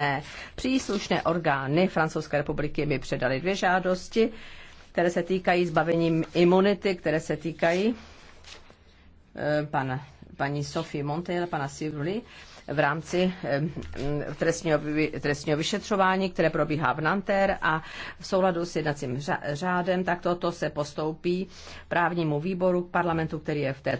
E, příslušné orgány Francouzské republiky mi předali dvě žádosti, které se týkají zbavení imunity, které se týkají e, pan, paní Sophie Montel, pana Sivuli v rámci e, trestního, trestního vyšetřování, které probíhá v Nanter a v souladu s jednacím řádem, tak toto se postoupí právnímu výboru parlamentu, který je v této